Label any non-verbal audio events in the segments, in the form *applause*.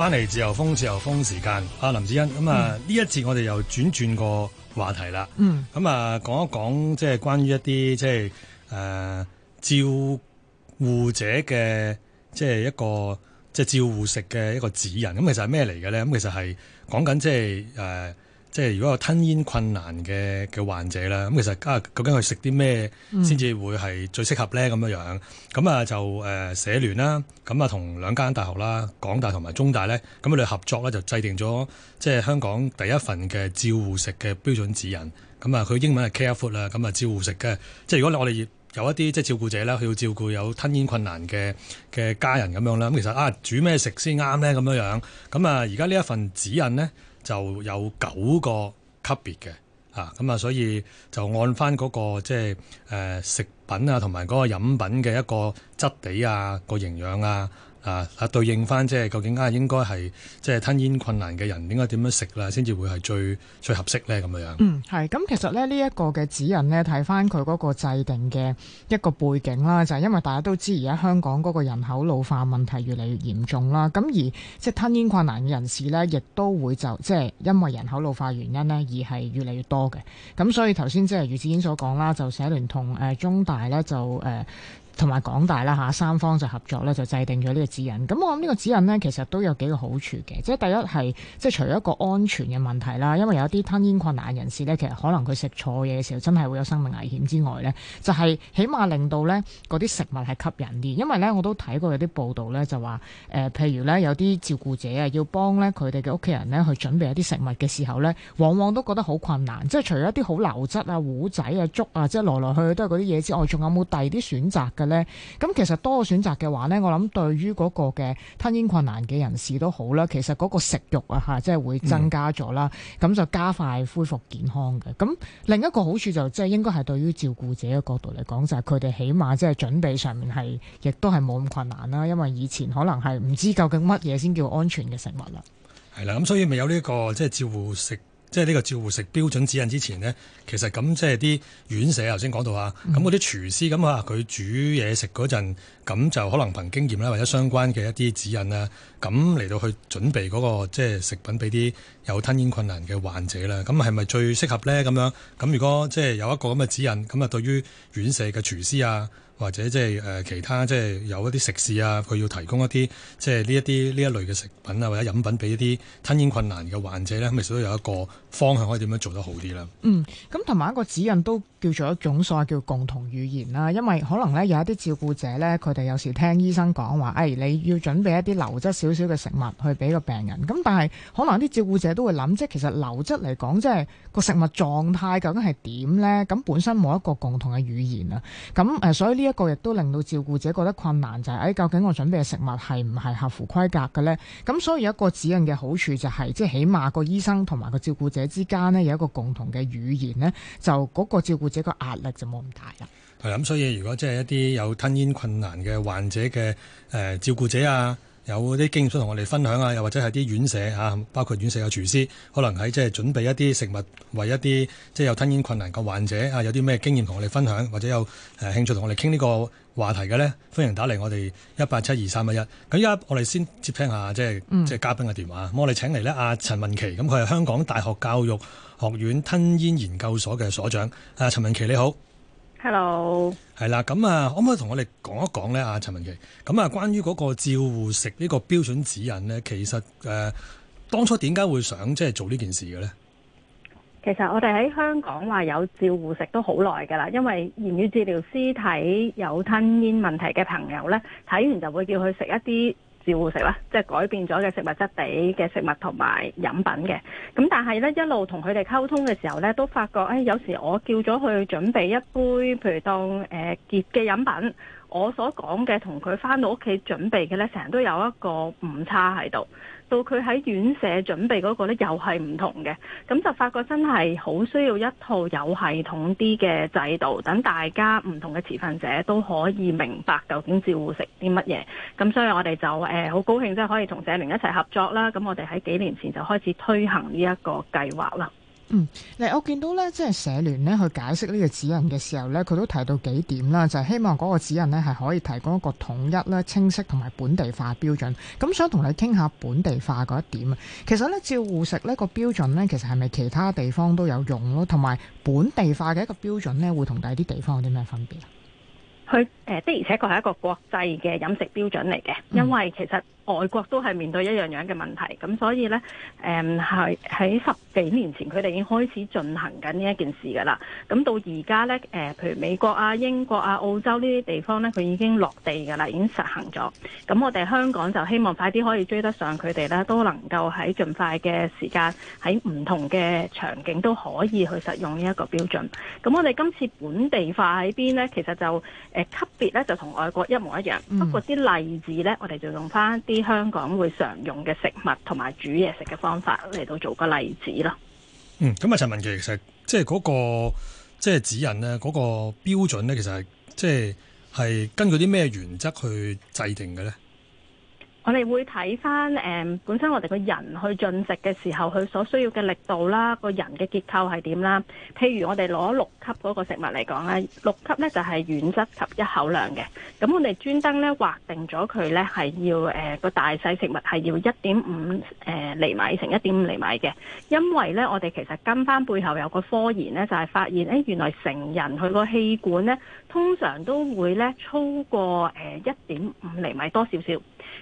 翻嚟自由風自由風時間，阿、啊、林子欣咁、嗯、啊呢一節我哋又轉轉個話題啦。嗯，咁啊講一講即係關於一啲即係誒、呃、照護者嘅即係一個即係照護食嘅一個指引。咁、嗯、其實係咩嚟嘅咧？咁、嗯、其實係講緊即係誒。呃即係如果有吞嚥困難嘅嘅患者啦，咁其實啊究竟佢食啲咩先至會係最適合咧咁樣樣，咁啊就誒社聯啦，咁啊同兩間大學啦，港大同埋中大咧，咁佢哋合作咧就制定咗即係香港第一份嘅照護食嘅標準指引，咁啊佢英文係 care food 啦，咁啊照護食嘅，即係如果我哋有一啲即係照顧者啦，佢要照顧有吞嚥困難嘅嘅家人咁樣啦，咁其實啊煮咩食先啱咧咁樣樣，咁啊而家呢一份指引咧。就有九個級別嘅，啊咁啊，所以就按返、那、嗰個即係誒食品啊，同埋嗰個飲品嘅一個質地啊，個營養啊。啊啊！對應翻即係究竟係應該係即係吞嚥困難嘅人應該點樣食啦，先至會係最最合適呢？咁樣嗯。嗯，係。咁其實咧呢一、這個嘅指引呢，睇翻佢嗰個制定嘅一個背景啦，就係、是、因為大家都知而家香港嗰個人口老化問題越嚟越嚴重啦。咁而即係吞嚥困難嘅人士呢，亦都會就即係、就是、因為人口老化原因呢，而係越嚟越多嘅。咁、嗯、所以頭先即係余子英所講啦，就社聯同誒、呃、中大呢，就誒。呃呃呃同埋港大啦嚇，三方就合作咧，就制定咗呢個指引。咁我諗呢個指引呢，其實都有幾個好處嘅。即係第一係即係除咗一個安全嘅問題啦，因為有一啲吞嚥困難人士呢，其實可能佢食錯嘢嘅時候，真係會有生命危險之外呢，就係、是、起碼令到呢嗰啲食物係吸引啲。因為呢我都睇過有啲報道呢，就話誒、呃，譬如呢有啲照顧者啊，要幫呢佢哋嘅屋企人呢去準備一啲食物嘅時候呢，往往都覺得好困難，即係除咗一啲好流質啊、糊仔啊、粥啊，即係來來去去都係嗰啲嘢之外，仲有冇第二啲選擇嘅？咧咁，其實多個選擇嘅話咧，我諗對於嗰個嘅吞嚥困難嘅人士都好啦。其實嗰個食欲啊吓，即係會增加咗啦，咁、嗯、就加快恢復健康嘅。咁另一個好處就即、是、係應該係對於照顧者嘅角度嚟講，就係佢哋起碼即係準備上面係亦都係冇咁困難啦。因為以前可能係唔知究竟乜嘢先叫安全嘅食物啦。係啦，咁所以咪有呢、這、一個即係照護食。即係呢個照護食標準指引之前呢，其實咁即係啲院舍頭先講到啊，咁嗰啲廚師咁啊，佢煮嘢食嗰陣，咁就可能憑經驗啦，或者相關嘅一啲指引啦，咁嚟到去準備嗰個即係食品俾啲有吞咽困難嘅患者啦，咁係咪最適合呢？咁樣咁如果即係有一個咁嘅指引，咁啊對於院舍嘅廚師啊，或者即係誒，其他即係有一啲食肆啊，佢要提供一啲即係呢一啲呢一類嘅食品啊，或者飲品俾一啲吞咽困難嘅患者咧，咁咪所以有一個方向可以點樣做得好啲啦。嗯，咁同埋一個指引都。叫做一種所謂叫共同語言啦，因為可能咧有一啲照顧者咧，佢哋有時聽醫生講話，誒、哎、你要準備一啲流質少少嘅食物去俾個病人，咁但係可能啲照顧者都會諗，即係其實流質嚟講，即係個食物狀態究竟係點咧？咁本身冇一個共同嘅語言啊，咁、嗯、誒，所以呢一個亦都令到照顧者覺得困難、就是，就係誒究竟我準備嘅食物係唔係合乎規格嘅咧？咁、嗯、所以有一個指引嘅好處就係、是，即係起碼個醫生同埋個照顧者之間呢，有一個共同嘅語言呢，就嗰個照顧。這個壓力就冇咁大啦。係啦，咁所以如果即係一啲有吞嚥困難嘅患者嘅誒、呃、照顧者啊，有啲經驗想同我哋分享啊，又或者係啲院舍啊，包括院舍嘅廚師，可能喺即係準備一啲食物，為一啲即係有吞嚥困難嘅患者啊，有啲咩經驗同我哋分享，或者有誒興趣同我哋傾呢個話題嘅咧，歡迎打嚟我哋一八七二三一一。咁而家我哋先接聽下即係即係嘉賓嘅電話。嗯、咁我哋請嚟咧阿陳文琪，咁佢係香港大學教育學院吞嚥研究所嘅所長。阿陳文琪你好。Hello，係啦，咁啊，可唔可以同我哋講一講咧？啊，陳文琪，咁啊，關於嗰個照護食呢個標準指引咧，其實誒、呃，當初點解會想即係、就是、做呢件事嘅咧？其實我哋喺香港話有照護食都好耐噶啦，因為言語治療師睇有吞嚥問題嘅朋友咧，睇完就會叫佢食一啲。照護食啦，即係改變咗嘅食物質地嘅食物同埋飲品嘅，咁但係呢，一路同佢哋溝通嘅時候呢，都發覺，誒、哎，有時我叫咗佢準備一杯，譬如當誒杰嘅飲品，我所講嘅同佢返到屋企準備嘅呢，成日都有一個誤差喺度。到佢喺院舍準備嗰個呢，又係唔同嘅，咁就發覺真係好需要一套有系統啲嘅制度，等大家唔同嘅持份者都可以明白究竟照護食啲乜嘢。咁所以我哋就誒好高興，即係可以同社聯一齊合作啦。咁我哋喺幾年前就開始推行呢一個計劃啦。嗯，我見到呢，即係社聯呢去解釋呢個指引嘅時候呢，佢都提到幾點啦，就係、是、希望嗰個指引呢係可以提供一個統一咧、清晰同埋本地化標準。咁想同你傾下本地化嗰一點啊。其實呢，照護食呢個標準呢，其實係咪其他地方都有用咯？同埋本地化嘅一個標準呢，會同第啲地方有啲咩分別？佢的而且確係一個國際嘅飲食標準嚟嘅，因為其實。外國都係面對一樣樣嘅問題，咁所以咧，誒係喺十幾年前，佢哋已經開始進行緊呢一件事噶啦。咁到而家咧，誒、呃、譬如美國啊、英國啊、澳洲呢啲地方咧，佢已經落地噶啦，已經實行咗。咁我哋香港就希望快啲可以追得上佢哋咧，都能夠喺盡快嘅時間，喺唔同嘅場景都可以去實用呢一個標準，咁我哋今次本地化喺邊咧？其實就誒、呃、級別咧就同外國一模一樣，不過啲例子咧，我哋就用翻啲。香港會常用嘅食物同埋煮嘢食嘅方法嚟到做個例子咯。嗯，咁啊陳文琪，其實即係嗰個即係指引咧，嗰個標準咧，其實係即係係根據啲咩原則去制定嘅咧？我哋會睇翻誒本身我哋個人去進食嘅時候，佢所需要嘅力度啦，個人嘅結構係點啦，譬如我哋攞六級嗰個食物嚟講啦，六級呢就係軟質及一口量嘅。咁我哋專登呢劃定咗佢呢係要誒個大細食物係要一點五誒厘米乘一點五厘米嘅，因為呢，我哋其實跟翻背後有個科研呢，就係發現誒原來成人佢個氣管呢，通常都會呢超過誒一點五厘米多少少。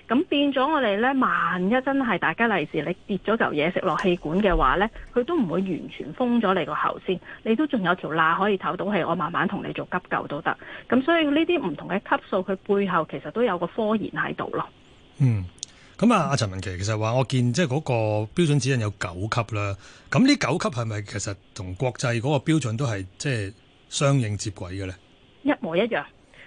咁變咗我哋咧，萬一真係大家大吉利是你跌咗嚿嘢食落氣管嘅話咧，佢都唔會完全封咗你個喉先，你都仲有條罅可以唞到氣，我慢慢同你做急救都得。咁所以呢啲唔同嘅級數，佢背後其實都有個科研喺度咯。嗯，咁啊，阿陳文琪其實話我見即係嗰個標準指引有九級啦，咁呢九級係咪其實同國際嗰個標準都係即係相應接軌嘅咧？一模一樣。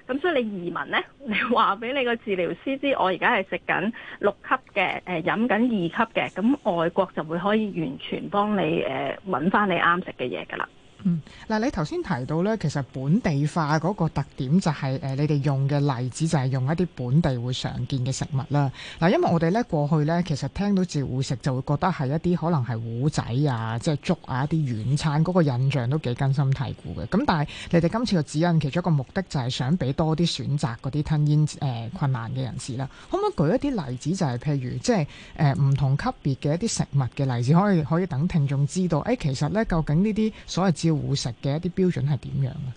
咁所以你移民呢？你話畀你個治療師知我，我而家係食緊六級嘅，誒飲緊二級嘅，咁外國就會可以完全幫你誒揾翻你啱食嘅嘢㗎啦。嗯，嗱，你頭先提到咧，其實本地化嗰個特點就係、是、誒、呃、你哋用嘅例子就係用一啲本地會常見嘅食物啦。嗱、呃，因為我哋咧過去咧，其實聽到照護食就會覺得係一啲可能係糊仔啊、即係粥啊一啲軟餐嗰個印象都幾根深蒂固嘅。咁但係你哋今次嘅指引其中一個目的就係想俾多啲選擇嗰啲吞嚥誒、呃、困難嘅人士啦。可唔可以舉一啲例子？就係、是、譬如即係誒唔同級別嘅一啲食物嘅例子，可以可以等聽眾知道。誒、欸、其實咧究竟呢啲所謂。護食嘅一啲標準係點樣啊？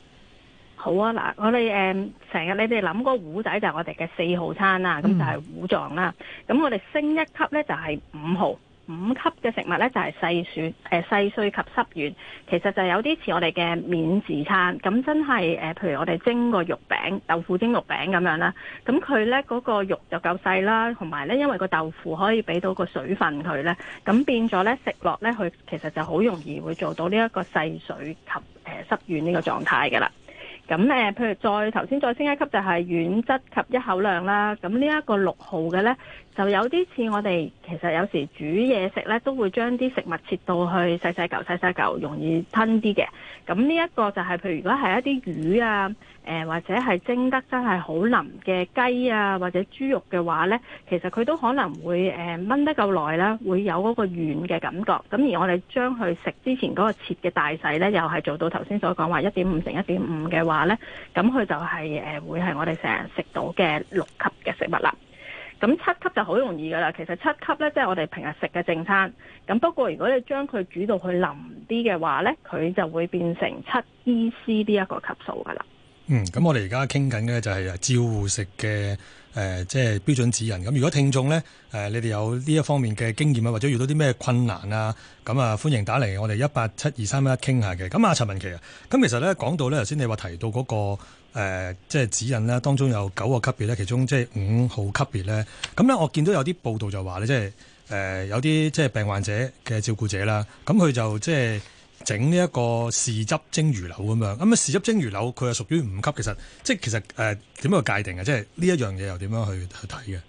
好啊，嗱，我哋誒成日你哋諗嗰個糊仔就係我哋嘅四號餐啦，咁、嗯、就係糊狀啦。咁我哋升一級咧就係五號。五級嘅食物呢，就係、是、細碎、誒、呃、細碎及濕軟，其實就有啲似我哋嘅免治餐。咁真係誒、呃，譬如我哋蒸個肉餅、豆腐蒸肉餅咁樣啦。咁佢呢嗰、那個肉就夠細啦，同埋呢，因為個豆腐可以俾到個水分佢呢，咁變咗呢，食落呢，佢其實就好容易會做到呢一個細碎及誒、呃、濕軟呢個狀態嘅啦。咁誒、呃，譬如再頭先再升一級就係軟質及一口量啦。咁呢一個六號嘅呢，就有啲似我哋，其實有時煮嘢食呢，都會將啲食物切到去細細嚿、細細嚿，容易吞啲嘅。咁呢一個就係、是，譬如如果係一啲魚啊，誒、呃、或者係蒸得真係好腍嘅雞啊，或者豬肉嘅話呢，其實佢都可能會誒燜、呃、得夠耐啦，會有嗰個軟嘅感覺。咁而我哋將佢食之前嗰個切嘅大細呢，又係做到頭先所講話一點五乘一點五嘅話呢，咁佢就係、是、誒、呃、會係我哋成日食到嘅六級嘅食物啦。咁七級就好容易噶啦，其實七級呢，即係我哋平日食嘅正餐，咁不過如果你將佢煮到佢腍啲嘅話呢，佢就會變成七 E C 呢一個級數噶啦。嗯，咁我哋而家傾緊嘅就係照護食嘅誒，即、呃、係、就是、標準指引。咁如果聽眾呢，誒、呃，你哋有呢一方面嘅經驗啊，或者遇到啲咩困難啊，咁啊歡迎打嚟我哋一八七二三一傾下嘅。咁啊陳文琪啊，咁其實呢，講到呢，頭先你話提到嗰、那個。誒、呃，即係指引咧，當中有九個級別咧，其中即係五號級別咧。咁、嗯、咧，我見到有啲報道就話咧，即係誒、呃、有啲即係病患者嘅照顧者啦，咁、嗯、佢就即係整呢一個豉汁蒸魚柳咁樣。咁、嗯、啊，豉汁蒸魚柳佢係屬於五級，其實即係其實誒點樣去界定啊？即係呢一樣嘢又點樣去去睇嘅？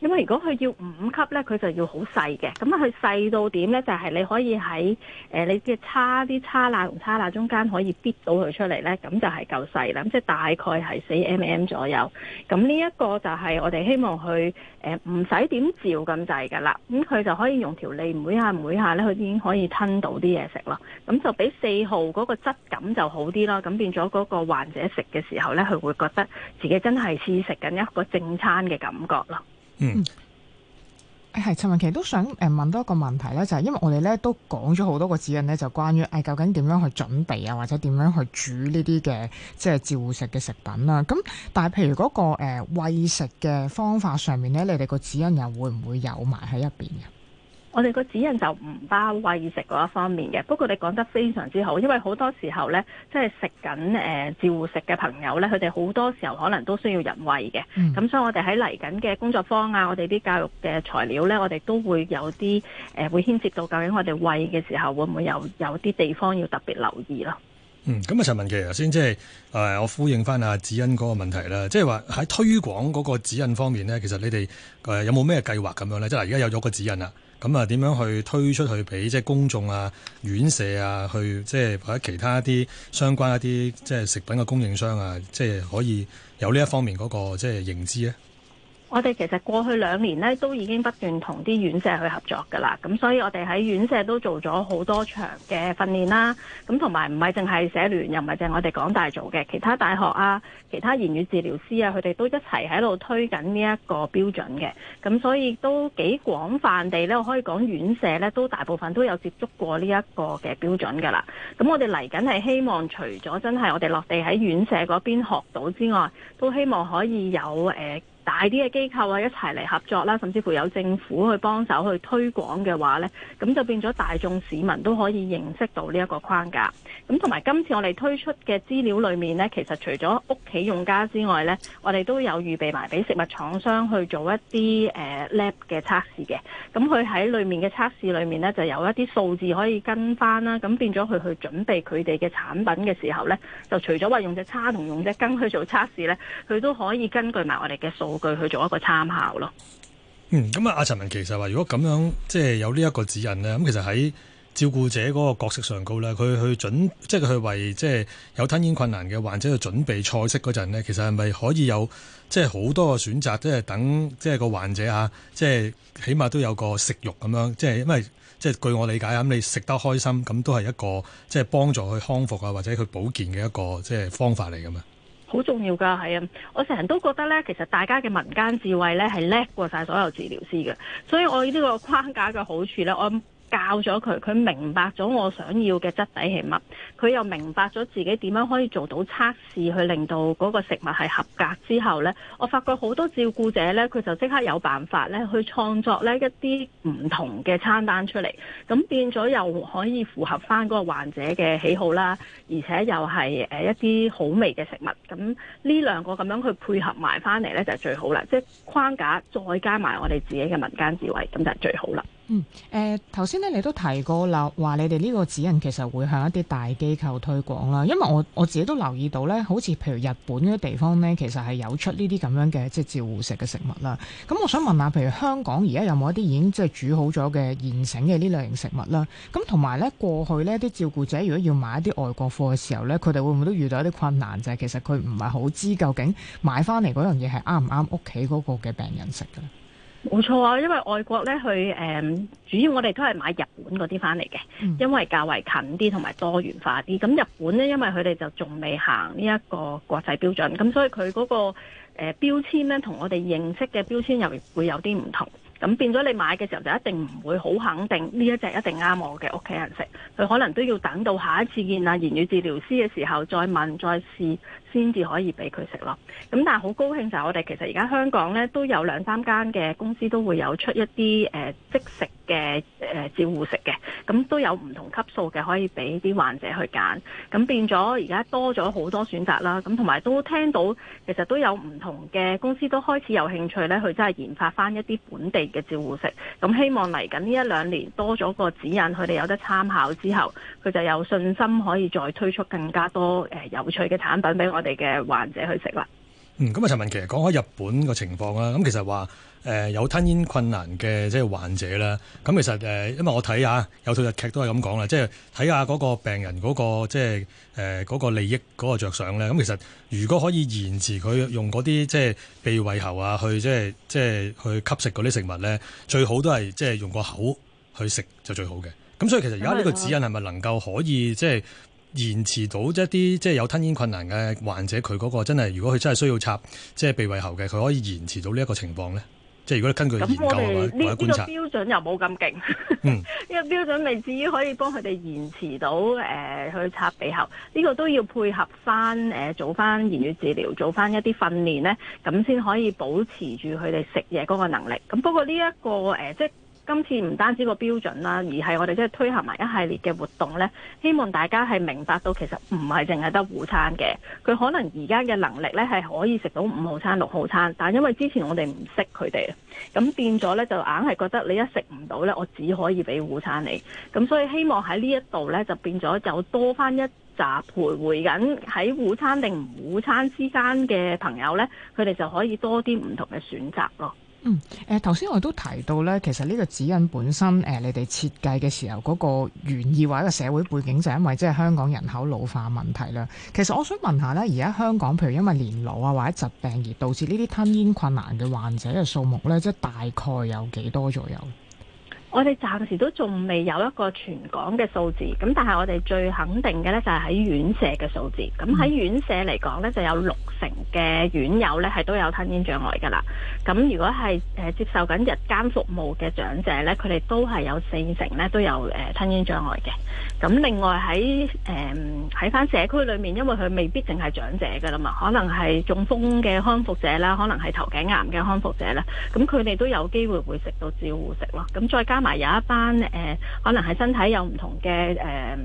因為如果佢要五級呢，佢就要好細嘅。咁啊，佢細到點呢？就係、是、你可以喺誒、呃、你嘅叉啲叉罅同叉罅中間可以逼到佢出嚟呢，咁就係夠細啦。即係大概係四 mm 左右。咁呢一個就係我哋希望佢誒唔使點照咁滯噶啦。咁佢就可以用條脷唎下唎下呢，佢已經可以吞到啲嘢食咯。咁就比四號嗰個質感就好啲咯。咁變咗嗰個患者食嘅時候呢，佢會覺得自己真係似食緊一個正餐嘅感覺咯。嗯，誒，係陳文琪都想誒問多一個問題咧，就係、是、因為我哋咧都講咗好多個指引咧，就關於誒、哎、究竟點樣去準備啊，或者點樣去煮呢啲嘅即係照顧食嘅食品啦。咁但係譬如嗰、那個誒餵、呃、食嘅方法上面咧，你哋個指引又會唔會有埋喺入邊嘅？我哋個指引就唔包餵食嗰一方面嘅，不過你講得非常之好，因為好多時候呢，即係、呃、食緊誒照護食嘅朋友呢，佢哋好多時候可能都需要人餵嘅。咁、嗯、所以，我哋喺嚟緊嘅工作坊啊，我哋啲教育嘅材料呢，我哋都會有啲誒、呃、會牽涉到究竟我哋餵嘅時候會唔會有有啲地方要特別留意咯。嗯，咁啊，陳文琪，頭先即係誒，我呼應翻阿子欣嗰個問題啦，即係話喺推廣嗰個指引方面呢，其實你哋有冇咩計劃咁樣呢？即係而家有咗個指引啦。咁啊，點樣去推出去俾即係公眾啊、院舍啊，去即係或者其他一啲相關一啲即係食品嘅供應商啊，即係可以有呢一方面嗰個即係認知咧？我哋其實過去兩年咧都已經不斷同啲院舍去合作㗎啦，咁所以我哋喺院舍都做咗好多場嘅訓練啦。咁同埋唔係淨係社聯，又唔係淨係我哋港大做嘅，其他大學啊、其他言語治療師啊，佢哋都一齊喺度推緊呢一個標準嘅。咁所以都幾廣泛地咧，我可以講院舍咧都大部分都有接觸過呢一個嘅標準㗎啦。咁我哋嚟緊係希望除咗真係我哋落地喺院舍嗰邊學到之外，都希望可以有誒、呃大啲嘅機構啊，一齊嚟合作啦，甚至乎有政府去幫手去推廣嘅話呢，咁就變咗大眾市民都可以認識到呢一個框架。咁同埋今次我哋推出嘅資料裏面呢，其實除咗屋企用家之外呢，我哋都有預備埋俾食物廠商去做一啲誒、呃、lab 嘅測試嘅。咁佢喺裏面嘅測試裏面呢，就有一啲數字可以跟返啦。咁變咗佢去準備佢哋嘅產品嘅時候呢，就除咗話用隻叉同用隻羹去做測試呢，佢都可以根據埋我哋嘅數。佢去做一個參考咯。嗯，咁啊，阿陳文琪其實話，如果咁樣即係有呢一個指引呢，咁其實喺照顧者嗰個角色上高呢，佢去準即係佢為即係有吞嚥困難嘅患者去準備菜式嗰陣呢，其實係咪可以有即係好多個選擇，即係等即係個患者嚇，即係起碼都有個食慾咁樣，即係因為即係據我理解啊，咁你食得開心，咁都係一個即係幫助佢康復啊，或者佢保健嘅一個即係方法嚟㗎嘛。好重要㗎，係啊！我成日都覺得呢，其實大家嘅民間智慧呢，係叻過晒所有治療師嘅，所以我呢個框架嘅好處呢，我……教咗佢，佢明白咗我想要嘅質地係乜，佢又明白咗自己點樣可以做到測試，去令到嗰個食物係合格之後呢，我發覺好多照顧者呢，佢就即刻有辦法呢去創作呢一啲唔同嘅餐單出嚟，咁變咗又可以符合翻嗰個患者嘅喜好啦，而且又係誒一啲好味嘅食物，咁呢兩個咁樣去配合埋翻嚟呢，就最好啦，即係框架再加埋我哋自己嘅民間智慧，咁就係最好啦。嗯，誒頭先咧，你都提過啦，話你哋呢個指引其實會向一啲大機構推廣啦。因為我我自己都留意到咧，好似譬如日本嗰啲地方咧，其實係有出呢啲咁樣嘅即係照護食嘅食物啦。咁我想問下，譬如香港而家有冇一啲已經即係煮好咗嘅現成嘅呢類型食物啦？咁同埋咧，過去呢啲照顧者如果要買一啲外國貨嘅時候咧，佢哋會唔會都遇到一啲困難？就係其實佢唔係好知究竟買翻嚟嗰樣嘢係啱唔啱屋企嗰個嘅病人食嘅？冇錯啊，因為外國呢，佢誒、嗯，主要我哋都係買日本嗰啲翻嚟嘅，嗯、因為較為近啲同埋多元化啲。咁日本呢，因為佢哋就仲未行呢一個國際標準，咁所以佢嗰、嗰個誒、呃、標籤呢，同我哋認識嘅標籤又會有啲唔同。咁變咗你買嘅時候就一定唔會好肯定呢一隻一定啱我嘅屋企人食，佢可能都要等到下一次見啊言語治療師嘅時候再問再試。先至可以俾佢食咯。咁但係好高興就係我哋其實而家香港呢都有兩三間嘅公司都會有出一啲誒即食嘅誒照護食嘅，咁都有唔同級數嘅可以俾啲患者去揀。咁變咗而家多咗好多選擇啦。咁同埋都聽到其實都有唔同嘅公司都開始有興趣呢，佢真係研發翻一啲本地嘅照護食。咁希望嚟緊呢一兩年多咗個指引，佢哋有得參考之後，佢就有信心可以再推出更加多誒有趣嘅產品俾我我哋嘅患者去食啦。嗯，咁啊，陳文琪其實講開日本個情況啦。咁其實話誒、呃、有吞咽困難嘅即係患者啦。咁其實誒、呃，因為我睇下有套日劇都係咁講啦，即係睇下嗰個病人嗰、嗰個即係誒嗰個利益嗰個著想咧。咁其實如果可以延遲佢用嗰啲即係鼻胃喉啊，去即係即係去吸食嗰啲食物咧，最好都係即係用個口去食就最好嘅。咁、嗯、所以其實而家呢個指引係咪能夠可以即係？延遲到一啲即係有吞咽困難嘅患者，佢嗰個真係，如果佢真係需要插即係鼻胃喉嘅，佢可以延遲到呢一個情況咧。即係如果根據研究或者觀察，咁我哋呢個標準又冇咁勁。嗯，呢 *laughs* 個標準未至於可以幫佢哋延遲到誒、呃、去插鼻喉。呢、這個都要配合翻誒、呃、做翻言語治療，做翻一啲訓練咧，咁先可以保持住佢哋食嘢嗰個能力。咁不過呢一個誒、呃、即係。今次唔單止個標準啦，而係我哋即係推行埋一系列嘅活動呢，希望大家係明白到其實唔係淨係得糊餐嘅，佢可能而家嘅能力呢係可以食到五號餐、六號餐，但因為之前我哋唔識佢哋，咁變咗呢就硬係覺得你一食唔到呢，我只可以俾糊餐你，咁所以希望喺呢一度呢，就變咗有多翻一集徘徊緊喺糊餐定糊餐之間嘅朋友呢，佢哋就可以多啲唔同嘅選擇咯。嗯，誒、呃，頭先我都提到咧，其實呢個指引本身，誒、呃，你哋設計嘅時候嗰個原意或者個社會背景就係因為即係香港人口老化問題啦。其實我想問下咧，而家香港譬如因為年老啊或者疾病而導致呢啲吞嚥困難嘅患者嘅數目咧，即係大概有幾多左右？我哋暫時都仲未有一個全港嘅數字，咁但係我哋最肯定嘅呢就係喺院舍嘅數字。咁喺院舍嚟講呢，就有六成嘅院友呢係都有吞嚥障礙噶啦。咁如果係誒、呃、接受緊日間服務嘅長者呢，佢哋都係有四成呢都有誒、呃、吞嚥障礙嘅。咁另外喺誒喺返社區裏面，因為佢未必淨係長者噶啦嘛，可能係中風嘅康復者啦，可能係頭頸癌嘅康復者啦，咁佢哋都有機會會食到照護食咯。咁再加加埋有一班誒、呃，可能係身體有唔同嘅誒、呃、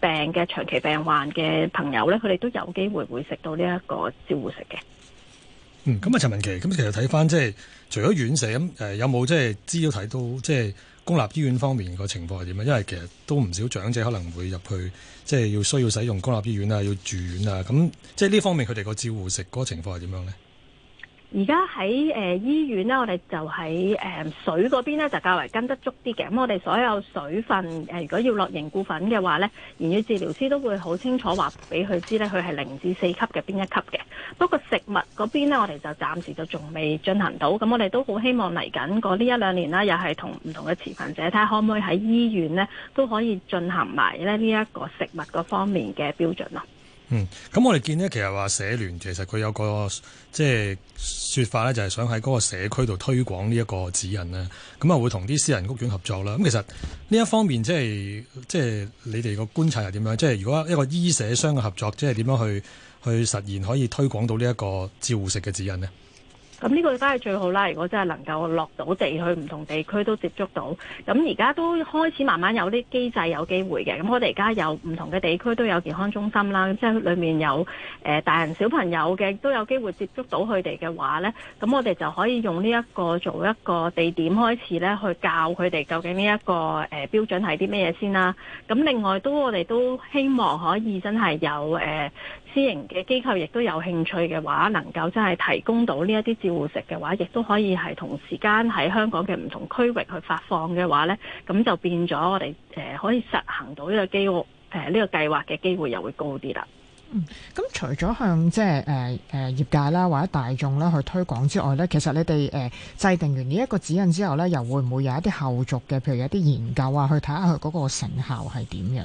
病嘅長期病患嘅朋友咧，佢哋都有機會會食到呢一個照護食嘅。嗯，咁啊，陳文琪，咁其實睇返即係除咗院舍咁誒、呃，有冇即係資料睇到即係公立醫院方面個情況係點啊？因為其實都唔少長者可能會入去，即係要需要使用公立醫院啊，要住院啊。咁即係呢方面佢哋個照護食嗰個情況係點樣咧？而家喺誒醫院咧，我哋就喺誒、呃、水嗰邊咧就較為跟得足啲嘅。咁我哋所有水分，誒、呃，如果要落凝固粉嘅話咧，言語治療師都會好清楚話俾佢知咧，佢係零至四級嘅邊一級嘅。不過食物嗰邊咧，我哋就暫時就仲未進行到。咁我哋都好希望嚟緊過呢一兩年啦，又係同唔同嘅持份者睇下可唔可以喺醫院咧都可以進行埋咧呢一個食物嗰方面嘅標準咯。嗯，咁我哋見呢，其實話社聯其實佢有個即係、就是、說法咧，就係想喺嗰個社區度推廣呢一個指引咧，咁啊會同啲私人屋苑合作啦。咁其實呢一方面即係即係你哋個觀察係點樣？即係如果一個醫社商嘅合作，即係點樣去去實現可以推廣到呢一個照護食嘅指引呢？咁呢個梗係最好啦！如果真係能夠落到地去，唔同地區都接觸到，咁而家都開始慢慢有啲機制，有機會嘅。咁我哋而家有唔同嘅地區都有健康中心啦，咁即係裡面有誒、呃、大人小朋友嘅，都有機會接觸到佢哋嘅話呢。咁我哋就可以用呢一個做一個地點開始呢，去教佢哋究竟呢、這、一個誒、呃、標準係啲咩嘢先啦。咁另外都我哋都希望可以真係有誒。呃私營嘅機構亦都有興趣嘅話，能夠真係提供到呢一啲照護食嘅話，亦都可以係同時間喺香港嘅唔同區域去發放嘅話呢，咁就變咗我哋誒，可以實行到呢個機會呢、呢個計劃嘅機會又會高啲啦。嗯，咁除咗向即係誒誒業界啦或者大眾啦去推廣之外呢，其實你哋誒、呃、制定完呢一個指引之後呢，又會唔會有一啲後續嘅，譬如有啲研究啊，去睇下佢嗰個成效係點樣？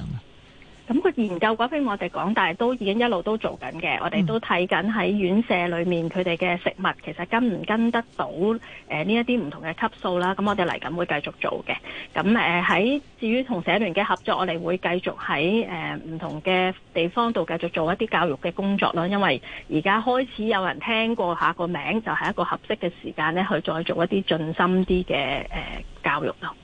咁佢、嗯嗯、研究嘅話，我哋講，但係都已經一路都做緊嘅。我哋都睇緊喺院舍裏面佢哋嘅食物，其實跟唔跟得到誒呢一啲唔同嘅級數啦。咁、嗯、我哋嚟緊會繼續做嘅。咁誒喺至於同社聯嘅合作，我哋會繼續喺誒唔同嘅地方度繼續做一啲教育嘅工作咯。因為而家開始有人聽過下個名，就係、是、一個合適嘅時間咧，去再做一啲進深啲嘅誒教育咯。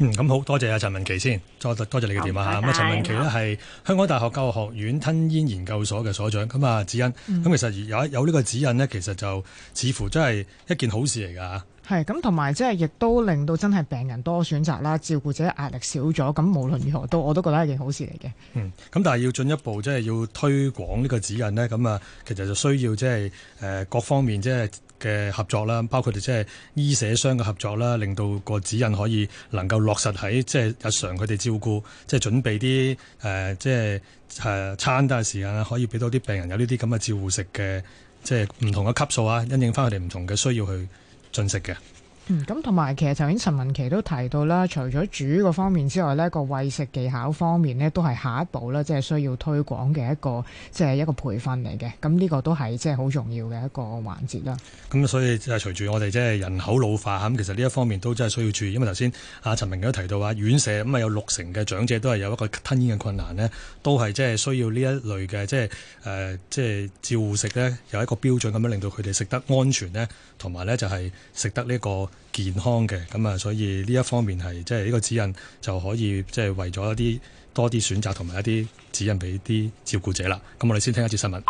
嗯，咁好多謝阿、啊、陳文琪先，再多謝你嘅電話吓。咁阿陳文琪咧係香港大學教育學院吞嚥研究所嘅所長。咁啊子欣，咁、嗯、其實有有呢個指引呢，其實就似乎真係一件好事嚟噶吓。係咁，同埋即係亦都令到真係病人多選擇啦，照顧者壓力少咗。咁無論如何，都我都覺得係件好事嚟嘅。嗯，咁但係要進一步即係要推廣呢個指引呢，咁啊，其實就需要即係誒各方面即、就、係、是。嘅合作啦，包括哋即係醫社商嘅合作啦，令到個指引可以能夠落實喺即係日常佢哋照顧，即係準備啲誒即係誒餐嘅時間啦，可以俾到啲病人有呢啲咁嘅照護食嘅，即係唔同嘅級數啊，因應翻佢哋唔同嘅需要去進食嘅。嗯，咁同埋，其實頭先陳文琪都提到啦，除咗煮嗰方面之外呢，個餵食技巧方面呢，都係下一步啦，即係需要推廣嘅一個，即係一個培訓嚟嘅。咁呢個都係即係好重要嘅一個環節啦。咁所以即係隨住我哋即係人口老化，咁其實呢一方面都真係需要注意，因為頭先阿陳明都提到話，院舍咁啊有六成嘅長者都係有一個吞嚥嘅困難呢，都係即係需要呢一類嘅即係誒即係照護食呢，有一個標準咁樣，令到佢哋食得安全呢，同埋呢就係食得呢個。健康嘅咁啊，所以呢一方面係即係呢個指引就可以即係、就是、為咗一啲多啲選擇同埋一啲指引俾啲照顧者啦。咁我哋先聽一節新聞。